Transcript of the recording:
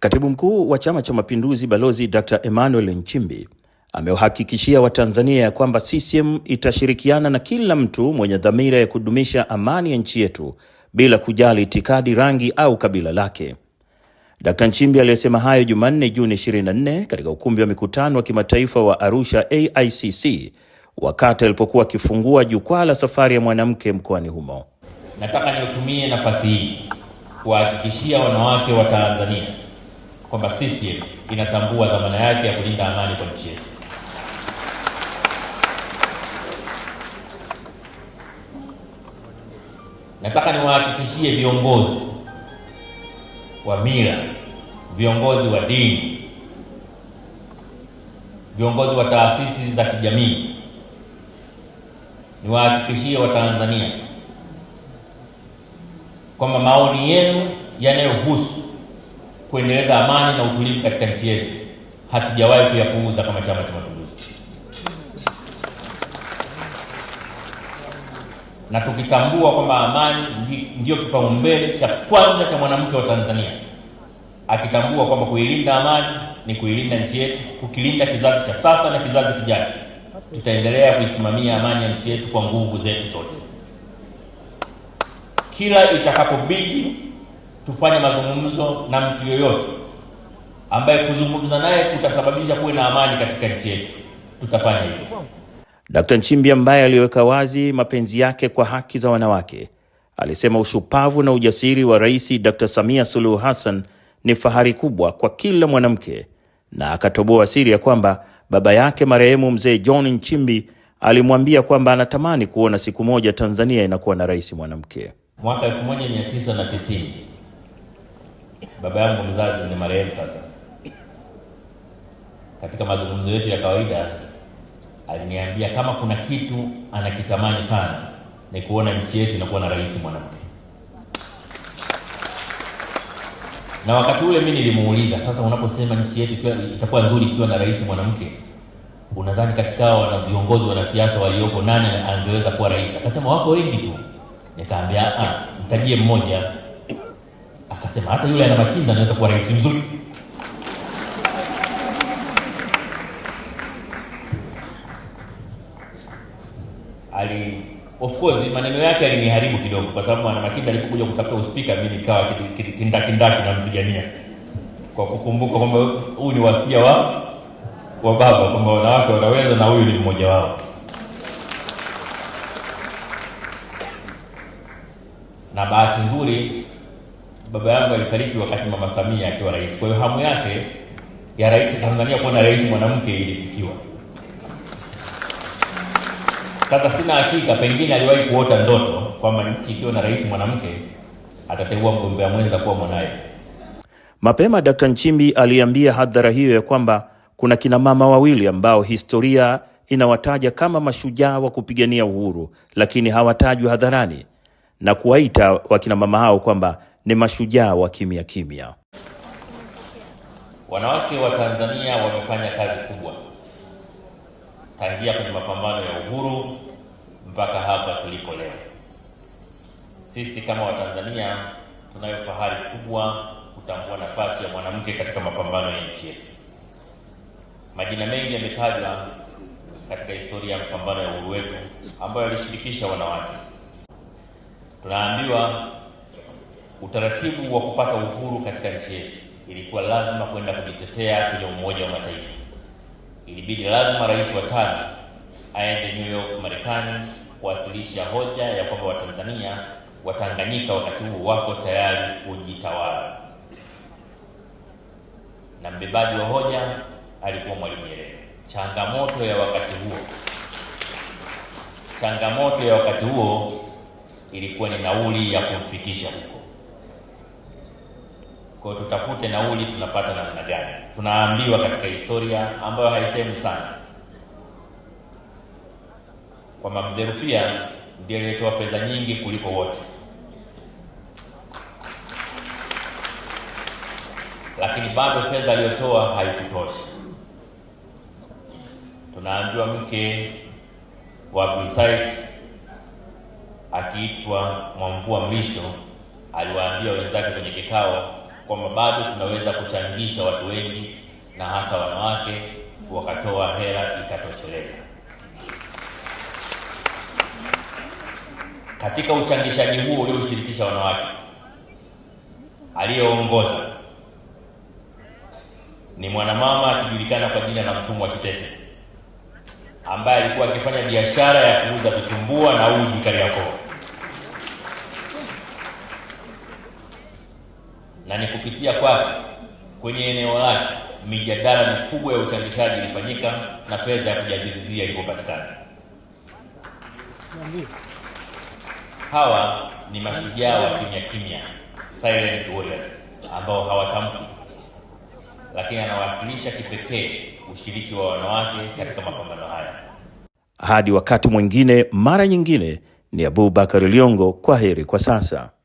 Katibu mkuu wa Chama cha Mapinduzi Balozi Dr. Emmanuel Nchimbi amewahakikishia Watanzania ya kwamba CCM itashirikiana na kila mtu mwenye dhamira ya kudumisha amani ya nchi yetu bila kujali itikadi, rangi au kabila lake. Dr Nchimbi aliyesema hayo Jumanne, Juni 24 katika ukumbi wa mikutano wa kimataifa wa Arusha AICC wakati alipokuwa akifungua jukwaa la safari ya mwanamke mkoani humo. Nataka niutumie nafasi hii kuwahakikishia wanawake wa Tanzania kwamba CCM inatambua dhamana yake ya kulinda amani kwa nchi yetu. Nataka niwahakikishie viongozi wa mila, viongozi wa dini, viongozi wa taasisi za kijamii, niwahakikishie Watanzania kwamba maoni yenu yanayohusu kuendeleza amani na utulivu katika nchi yetu, hatujawahi kuyapuuza kama Chama cha Mapinduzi. Na tukitambua kwamba amani ndiyo kipaumbele cha kwanza cha mwanamke wa Tanzania, akitambua kwamba kuilinda amani ni kuilinda nchi yetu, kukilinda kizazi cha sasa na kizazi kijacho, tutaendelea kuisimamia amani ya nchi yetu kwa nguvu zetu zote kila itakapobidi tufanye mazungumzo na mtu yoyote ambaye kuzungumza naye kutasababisha kuwe na amani katika nchi yetu, tutafanya hivyo. Dkt. Nchimbi ambaye aliweka wazi mapenzi yake kwa haki za wanawake alisema ushupavu na ujasiri wa Rais dr Samia Suluhu Hassan ni fahari kubwa kwa kila mwanamke, na akatoboa siri ya kwamba baba yake marehemu Mzee John Nchimbi alimwambia kwamba anatamani kuona siku moja Tanzania inakuwa na rais mwanamke. Mwaka 1990 baba yangu mzazi ni marehemu sasa. Katika mazungumzo yetu ya kawaida aliniambia kama kuna kitu anakitamani sana ni kuona nchi yetu inakuwa na rais mwanamke. Na wakati ule mimi nilimuuliza, sasa unaposema nchi yetu itakuwa nzuri ikiwa na rais mwanamke, unadhani katika hao wana viongozi wanasiasa walioko nane angeweza kuwa rais? Akasema wako wengi tu. Nikaambia ah, mtajie mmoja akasema hata yule ana Makinda anaweza kuwa rais mzuri. ali of course maneno yake aliniharibu kidogo, kwa sababu ana Makinda alipokuja kutafuta uspika, mimi nikawa kindakindaki nampigania kwa kukumbuka kwamba huu ni wasia wa wa baba kwamba wanawake wanaweza na huyu ni mmoja wao. Na bahati nzuri baba yangu alifariki wakati mama Samia akiwa rais. Kwa hiyo hamu yake ya rais Tanzania kuwa na rais mwanamke ilifikiwa. Sasa sina hakika, pengine aliwahi kuota ndoto kwamba nchi ikiwa na rais mwanamke atateua mgombea mwenza kuwa mwanaye. Mapema Dkt. Nchimbi aliambia hadhara hiyo ya kwamba kuna kina mama wawili ambao historia inawataja kama mashujaa wa kupigania uhuru, lakini hawatajwi hadharani na kuwaita wakina mama hao kwamba ni mashujaa wa kimya kimya. Wanawake wa Tanzania wamefanya kazi kubwa tangia kwenye mapambano ya uhuru mpaka hapa tulipo leo. Sisi kama Watanzania tunayo fahari kubwa kutambua nafasi ya mwanamke katika mapambano ya nchi yetu. Majina mengi yametajwa katika historia ya mapambano ya uhuru wetu ambayo yalishirikisha wanawake. Tunaambiwa utaratibu wa kupata uhuru katika nchi yetu, ilikuwa lazima kwenda kujitetea kwenye Umoja wa Mataifa. Ilibidi lazima rais wa tano aende New York Marekani kuwasilisha hoja ya kwamba Watanzania Watanganyika wakati huo wako tayari kujitawala, na mbebaji wa hoja alikuwa Mwalimu Nyerere. Changamoto ya wakati huo changamoto ya wakati huo ilikuwa ni nauli ya kumfikisha huko. Kwa tutafute nauli tunapata namna gani? Tunaambiwa katika historia ambayo haisehemu sana kwamba mzee pia ndiye aliyetoa fedha nyingi kuliko wote, lakini bado fedha aliyotoa haikutosha. Tunaambiwa mke wa Abdul akiitwa Mwamvua Mrisho aliwaambia wenzake kwenye kikao kwamba bado tunaweza kuchangisha watu wengi na hasa wanawake, wakatoa hela ikatosheleza. Katika uchangishaji huo ulioshirikisha wanawake, aliyeongoza ni mwanamama akijulikana kwa jina la Mtumwa Kitete ambaye alikuwa akifanya biashara ya kuuza vitumbua na uji Kariakoo. na ni kupitia kwake kwenye eneo lake mijadala mikubwa ya uchangishaji ilifanyika na fedha ya kujadilizia ilipopatikana. Hawa ni mashujaa wa kimya kimya, silent warriors, ambao hawatamki, lakini anawakilisha kipekee ushiriki wa wanawake katika mapambano haya. Hadi wakati mwingine, mara nyingine, ni Abubakar Liongo, kwa heri kwa sasa.